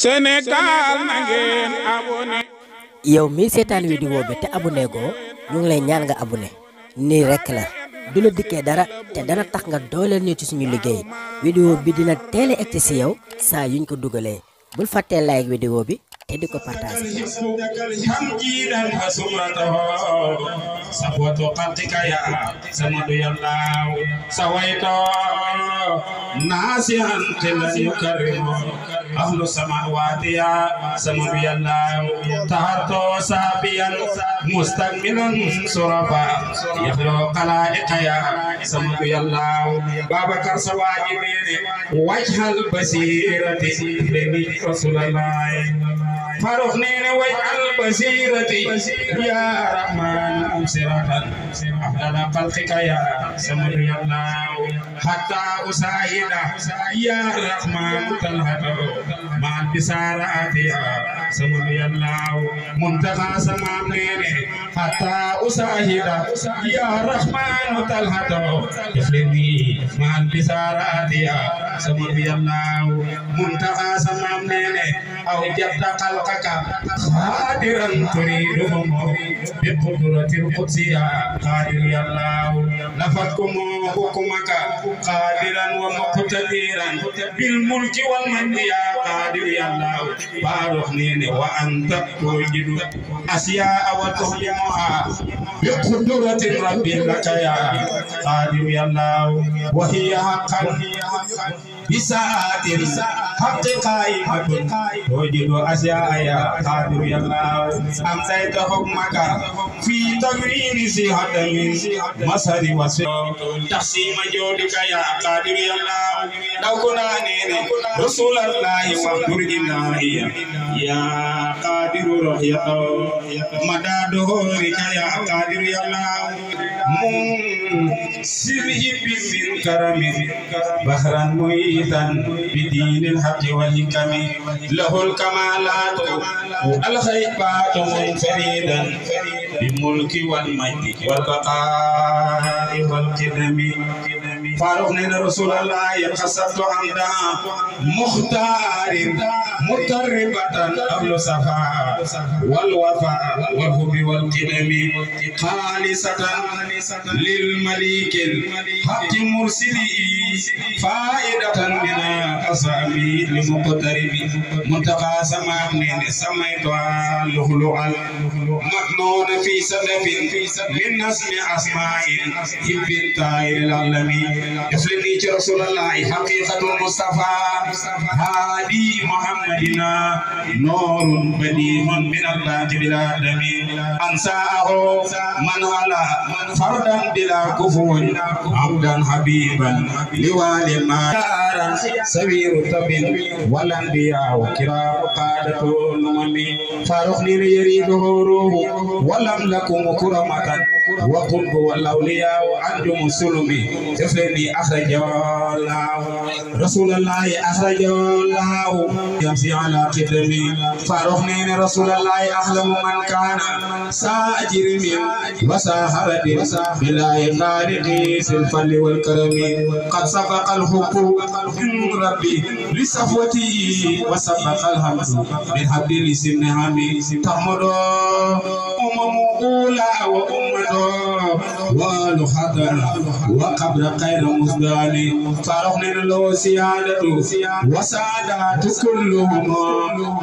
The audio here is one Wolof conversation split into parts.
Sénégal yow mii seetaan vidéo bi te abu goo ñu ngi lay ñaan nga abu ne nii rekk la du la dikkee dara te dana tax nga dooleel ñu ci suñu liggéey vidéo bi dina teel a egg ci yow saa yuñ ko dugalee bul fàttee ak vidéo bi te di ko partage hankiiɗan ha sumrataho kaya, to kaltikaya sanadu yallaw sawayto nasihan telan yukarrimo ahlu samawatiya samadu yallaw taharto sabiyan mustakmilan surafa yahlo qalaiqaya samadu lau, babakar sawaji bene wajhal basirati lemi rasulallahi فاروق نين واجعل بصيرتي يا رحمن أبصرة أفضل خلقك يا سمر الله حتى أساعد يا رحمن تلهته baat bi saara atiya ah. sama yallaaw muntaha sama neene hatta usahida ya rahmanu talhato iflini maan bi saara atiya ah. sama yallaaw muntaha sama neene aw jatta qalqaka khadiran turidum bi qudratil qudsiya qadir yallaaw nafatkum hukumaka qadiran wa muqtadiran bil mulki wal man qadir ah. قادر يا الله بارخنين وأنت توجد أسياء وتهلمها بقدرة ربي لك يا قادر يا الله وهي حقا بساعات حق قائمة توجد أسياء يا قادر يا الله أمسيت حكمك في تمرين صحة من مسار وسر تقسيم جودك يا قادر يا الله لو كنا نيني رسول الله صلى مرجنا هي يا قادر رحية مدى دهورك يا قادر يا الله سره من كرم بحرا ميتا بدين الحق والحكم له الكمالات الخيبات منفردا بملك والمجد والبقاء والقدم فاروق نين رسول الله ينخصت عمدا مختار متربة قبل صفا والوفاء والحب والقدم خالصة للمليك الحق مرسلي فائدة من أصحابي لمقترب منتقى سماء من سميت لخلوع مكنون في سلف من نسم أسماء ابن طائر العالمين يسلني رسول الله حقيقة المصطفى هادي محمدنا نور بديع من الله بلا دمين من ساءه من على فردا بلا كفو عبدا حبيبا لوالي ما دارا سبير تب والانبياء كرام قادة الامم فارخني يريده روح ولم لكم كرمة وقلب والاولياء عندهم سلم تفلني اخرج الله رسول الله اخرج الله يمشي على قدمي فارخني رسول الله احلم من كان ساجر من وساهرة بلا خالق في الفضل والكرم قد سبق الحب من ربي لصفوتي وسبق الحمد من حبل لسنهم تحمد أمم أولى وأمة ولحدنا وقبل خير مزدان فرحنا له سيادة وسادات كلهم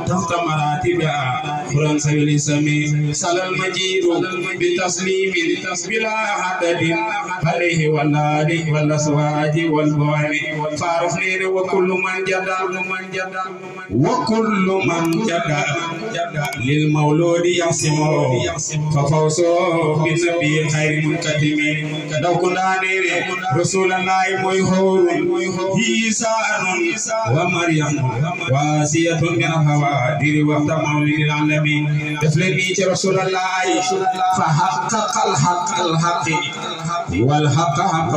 تحت مراتبها فرنسا بالاسم صلى المجيد بتسليم بلا عدد عليه والله والأسواج والبوان فرحنا وكل من جدا وكل من جدا للمولود يعصمه ففوزه بالنبي خير منكتم لو كنا نير رسولنا ميهور هي سان ومريم واسية من حوادر وقت مولد العالمين تفلني رسول الله فحقق الحق الحق والحق حق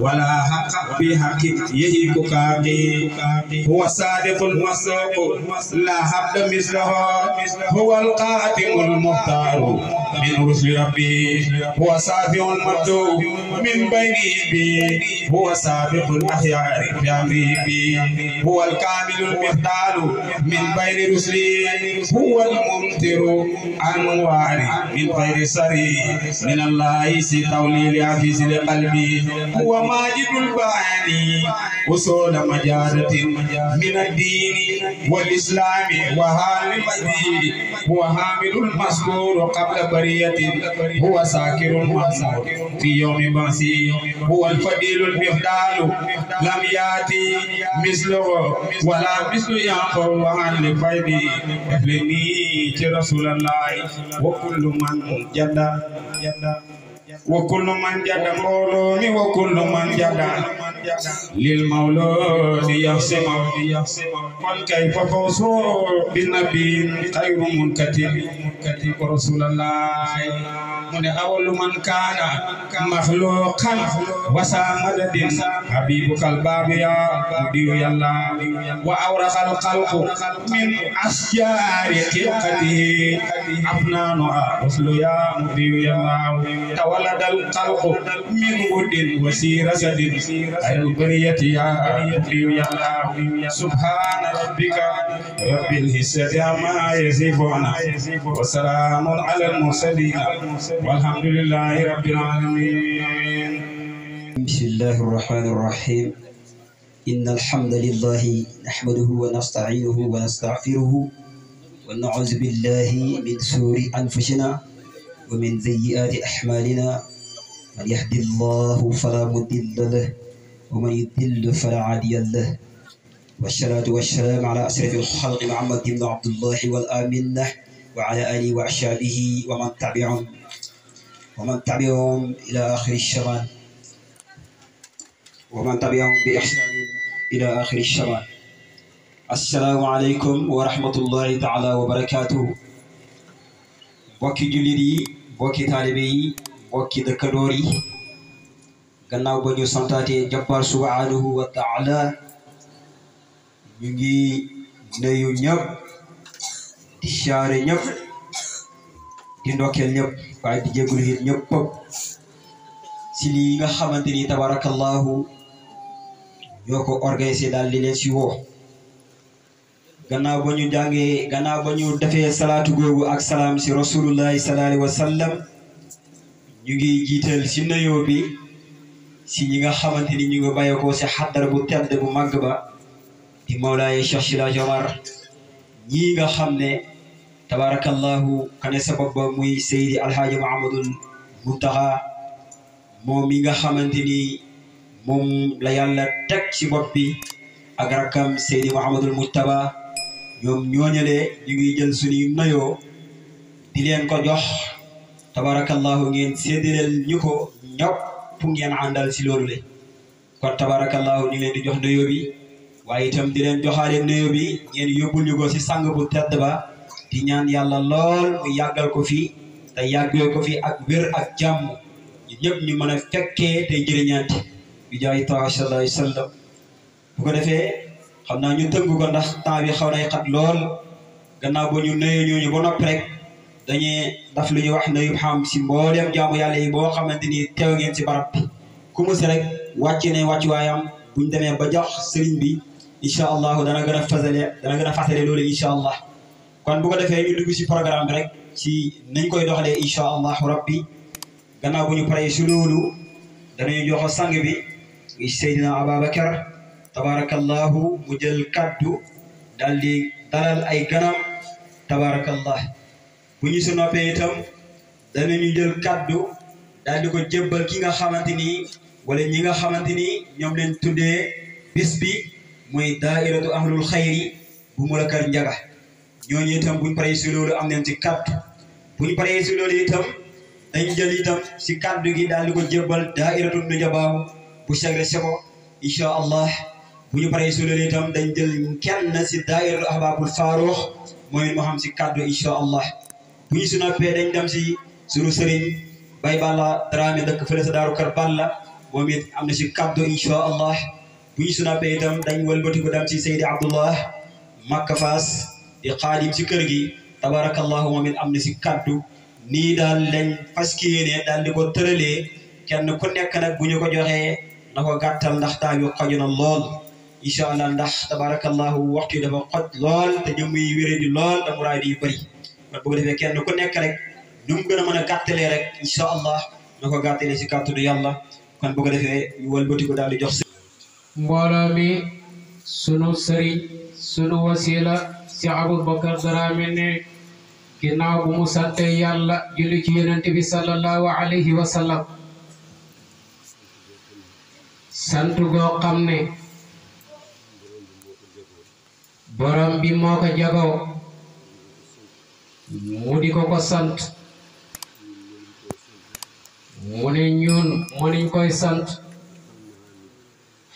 ولا حق بحق يهي كاقي هو صادق المصدوق لا حق مثله هو القاتم المختار من رسل ربي هو سابع المرجو من بين يدي هو سابق الأخيار بأمري هو الكامل المختال من بين رسلي هو الممطر أنواري من غير سري من الله ستوليل عزيز لقلبي هو ماجد الباني وصول مجادة من الدين والإسلام وهال المدين هو هامل المذكور قبل بريد برية هو ساكر محمود في يوم بعثي هو الفضيل المفدال لم يأتي مثله ولا مثل يعقوب وعن لفيدي أهلني رسول الله وكل من جد جد وكل من جد مولومي وكل من جد للمولود يحسم قل كيف فوز بالنبي خير منكتب رسول الله mune awal man kana makhluqan wa samadin habibukal babiya diyu yalla wa awrakal qalbu min asjari tilqatihi abna nu'a uslu ya diyu yalla tawaladal qalbu min gudin wa sirasadin ayu bariyati ya diyu yalla subhan rabbika rabbil hisati amma yasifuna wa salamun ala mursalin والحمد لله رب العالمين بسم الله الرحمن الرحيم إن الحمد لله نحمده ونستعينه ونستغفره ونعوذ بالله من سور أنفسنا ومن سيئات أحمالنا من يهدي الله فلا مضل له ومن يضل فلا هادي له والصلاة والسلام على أشرف الخلق محمد بن عبد الله والآمنة وعلى آله وأصحابه ومن تبعهم ومن تبعهم إلى آخر الشمال ومن تبعهم بإحسان إلى آخر الشمال السلام عليكم ورحمة الله تعالى وبركاته بوكي جلدي بوكي طالبي بوكي دكدوري غناو بنيو سنتاتي جبار سبحانه وتعالى نيجي نيو نيب شاري نيب di ndokkeel ñëpp waaye di jégalu yéen ñëpp si lii nga xamante ni tabarakallahu ñoo ko organisé daal di leen si woo gannaaw ba ñu jàngee gannaaw ba ñu defee salaatu googu ak salaam si rasulullahi sallallahu ñu ngi jiital si nuyoo bi si ñi nga xamante ni ñu ngi bàyyeekoo si xaddara bu tedd bu màgg ba di Mawlaaye Cheikh Sila Jomar ñii nga xam ne. tabarakallahu kane sabab ba muy seydi alhaaji mahamadul muntaxa moom mi nga xamante ni moom la yàlla teg ci bopp bi ak rakkam seydi mahamadul mujtaba ñoom ñooñalee ñu ngi jël suñuy nayoo di leen ko jox tabarakallahu ngeen séddaleel ñu ko ñëpp fu ngeen àndal si loolu le kon tabarakallahu ñu leen di jox nayoo bi waaye itam di leen joxaale nayoo bi ngeen yóbbul ñu ko si sàng bu tedd ba di ñaan yàlla lool mu yàggal ko fi te yàggee ko fi ak wér ak jàmm ñu ñëpp ñu mën a fekkee te jëriñaati bi jaay taha sallallahu alayhi wasallam bu ko defee xam naa ñu tënk ko ndax temps xaw nay xat lool gannaaw ba ñu nuyu ñooñu ba noppi rek dañuy lu ñuy wax nuyu xam si mbooleem jaamu yàlla yi boo xamante ni teew ngeen si barab bi ku mu si rek wàcce ne wàccu waayam buñ demee ba jox sëriñ bi incha allah dana gën a fasale dana gën a fasale loolu incha allah kon bu ko defee ñu dugg si programme rek ci nañ koy doxalee incha allahu rabbi gannaaw bu ñu paree si loolu danañu joxo sang bi i Seydina Ababacar tabarakallahu mu jël kaddu daal di dalal ay ganam tabarakallah ko jébbal ki nga xamante ni wala ñi nga xamante ni ñoom leen tuddee bis bi muy daairatu ahlul xayri bu Mulakar Njaga ñooñu itam buñ paree si loolu am nañ ci kàddu buñ paree si loolu itam dañ jël itam si kàddu gi daal di ko jébbal daairatu Nujabaa bu segre seko incha allah bu ñu paree dañ jël kenn si daairatu Bay Balla Dramé dëkk fële daaru Kër Balla am na si kàddu incha allah bu ñu si noppee itam dañ wëlbati ko dem si Seydi Abdullah Makka Faas di xaadim si kër gi tabarakallahu moom it am na si kaddu nii daal lañ faski yéene daal di ko tëralee kenn ku nekk nag bu ñu ko joxe na ko gàttal ndax temps bi xaju na lool incha allah ndax tabarakallahu waxtu yi dafa xoj lool te jëmm yi wéré di lool da muraay di bëri kon bu ko kenn ku nekk rek nu mu gën a a gàttalee rek incha allah na ko gàttalee si kàttanu yàlla kon bu ko defee ñu daal di jox si mbooloo mi sunu sëriñ sunu wasila Cheikh Aboubacar Dramé ne ginnaaw bu mu sante yàlla julli ci yonent bi alayhi wa sallam sant goo xam ne borom bi moo ko jagoo mu di ko ko sant mu ne ñun mu niñ koy sant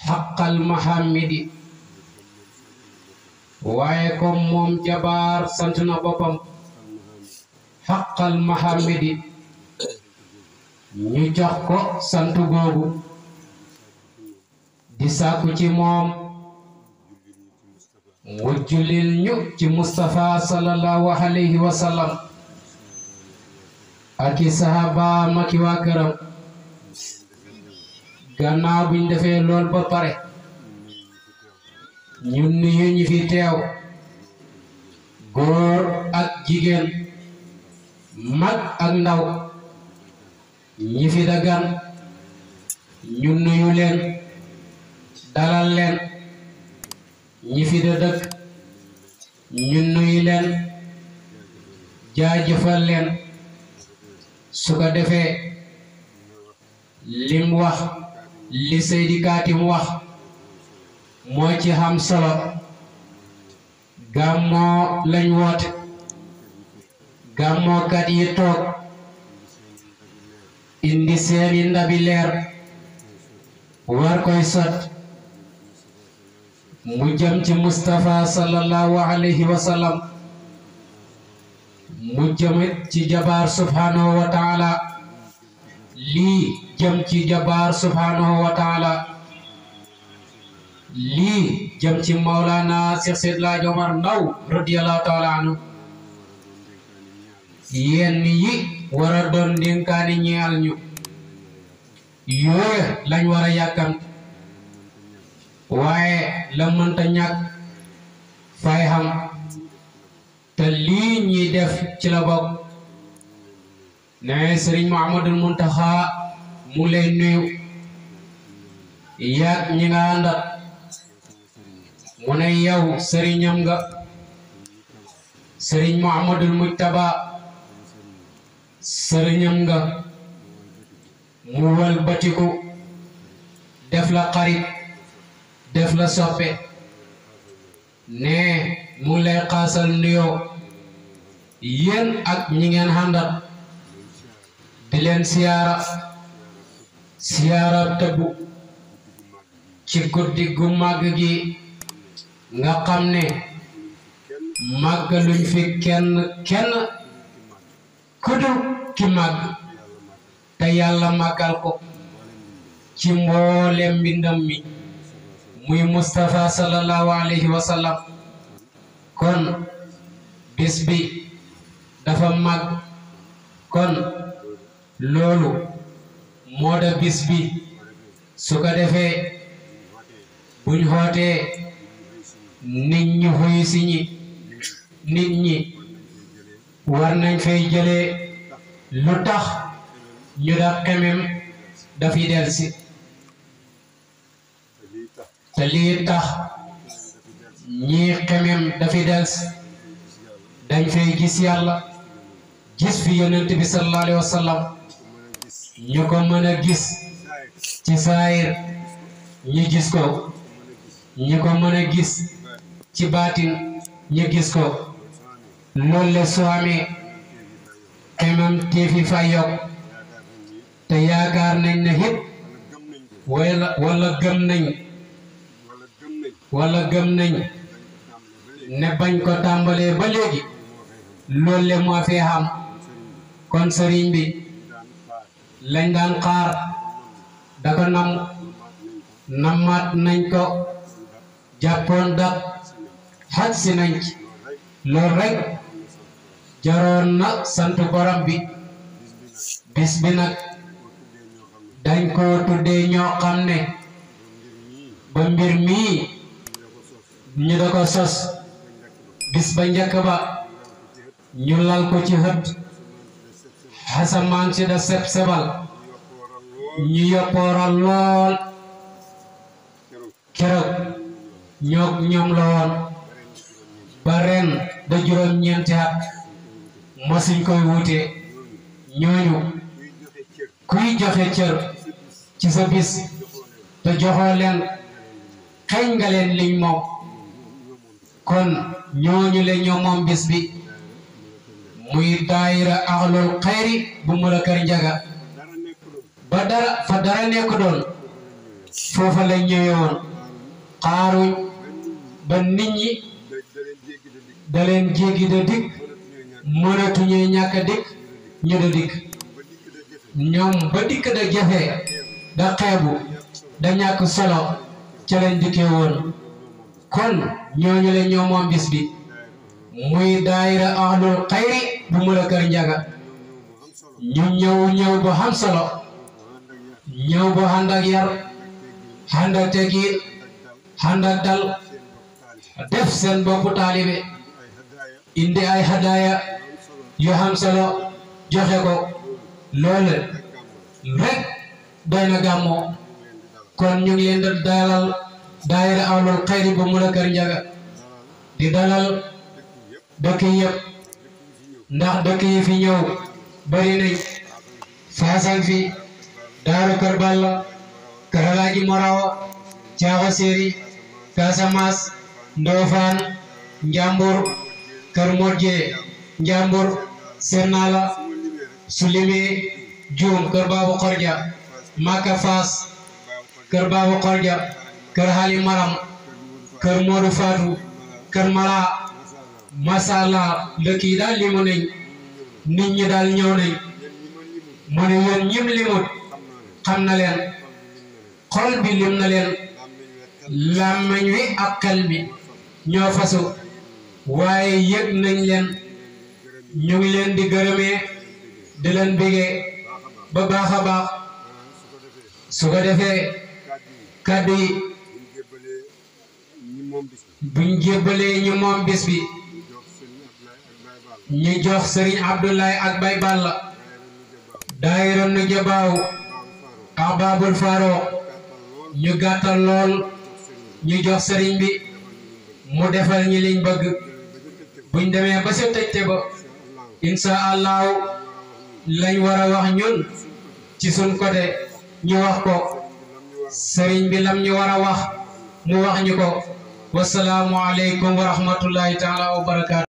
xaqal mahamidi waaye comme moom jabaar sant na boppam xaqal mahamidi ñu jox ko sant googu di sàkku ci moom mu julil ñu ci Moustapha sallallahu alayhi wa sallam ak i sahabaam ak i waa këram gannaaw lool ba pare ñun nuyu ñu fi teew góor ak jigéen mag ak ndaw ñi fi dagan ñun nuyu leen dalal leen ñi fi da dëkk ñun nuyu leen jaajëfal leen su ko defee lim wax li Seydi wax moo ci xam solo gàmmoo lañ woote gàmmookat yi toog indi seeni ndabi leer war koy sot mu jëm ci Moustapha sallallahu alayhi wa mu jëmit ci jabaar subhanahu wa lii jëm ci jabaar subhanahu wa lii jëm ci Maulana Cheikh Seydou Laaj Omar Ndaw radiyallahu taala anhu yenn yi war a doon dénkaani ñeel ñu yooye lañ war a yàkkamti waaye la mënta ñàkk fay xam lii ñuy def ci la bokk ne Serigne Mouhamadul Muntaxa mu lay nuyu ñi nga wanay yow sëriñam nga sëriñ Muhammadul Mujtaba sëriñam nga mu batiku, def la xarit def la soppe ne mu lay xaasal nuyoo yéen ak ñi ngeen handal di len siyaara siyaara tëbbu ci guddi gi nga xam ne màggaluñ fi kenn kenn ku ki màgg te yàlla màggal ko ci mboolem mbindam mi muy Moustapha sallallahu alayhi wa kon bis bi dafa màgg kon loolu moo da bis bi su defee buñ xootee nit ñi xuy si ñi nit ñi war nañ fay jëlee lu tax ñu da xemem dafi del te lii tax ñii xemem dafi del dañ fay gis yàlla gis fi yonent bi sallallahu alayhi ñu ko mën a gis ci saayir ñu gis ko ñu ko mën a gis ci baatin ñu gis ko loolu la soo amee xemam teefi fa yokk te yaakaar nañ ne it wala gëm nañ wala gëm nañ ne bañ ko tàmbalee ba léegi loolu moo fee kon sëriñ bi lañ daan xaar da nam namaat nañ ko jàppoon dat xaj si nañ ci loolu jaroon na sant borom bi bis bi nag dañ koo tuddee ñoo xam ne ba mbir mii ñu da ko sos bis ba njëkk ba ñu lal ko ci xët xasamaan si da seb sebal ñu yoppooral lool keroog ñoo ñoom la ba ren da juróom-ñeenti at mosuñ koy wuute ñooñu kuy joxe cër ci sa bis te joxoo leen xeñ nga leen liñ moom kon ñooñu le ñoo moom bis bi muy daayira axlul xayri bu mu la kër njaga ba dara fa dara nekk doon foofa la ñëwee woon xaaruñ ba nit ñi da leen jéggi da dikk mënatuñee ñàkk dikk ñu da dikk ñoom ba dikk da jafe da xeebu da ñàkk solo ca leen dikkee kon ñooñu leen ñoo moom muy daayira ahlul xayri bu mu la ñu ñëw ñëw ba xam solo ñëw ba ànd ak yar ànd ak tegiin ànd ak dal def seen boppu taalibe indi ay hadaya yo xam solo joxe ko lolé rek doy gamo kon ñu ngi leen di dalal daayira awlul xayri bu mu la di dalal dekk yeb ndax dekk yi fi ñew bari nañ faasal fi daaru karbala balla morawa caaxa séeri kër Morje Njambur Sernala Sulimi Jum kër Babu Korja Maka Fas kër Babu Korja kër Halim Maram kër Modou Fatou kër Mara Masala dëkk yi daal limu nañ nit ñi daal ñëw nañ mu ne yéen ñim limut xam na leen xol bi lim na bi fasu waye yeg nañ len ñu ngi len di gërëmee di len bëggé ba baaxa a baax su ko défé kaddu yi buñu jébalé ñu mom bis bi ñu jox serigne abdoulay ak Bay Balla daayira ñu jabaaw ababul Faro ñu gattal lool ñu jox serigne bi mu defal ñi liñ bëgg buñ demee ba sa te ba insha allahu lañ war a wax ñun ci suñ côté ñu wax ko sëriñ bi lam ñu war a wax mu wax ñu ko wasalaamualeykum wa rahmatullahi taala wa barakaatu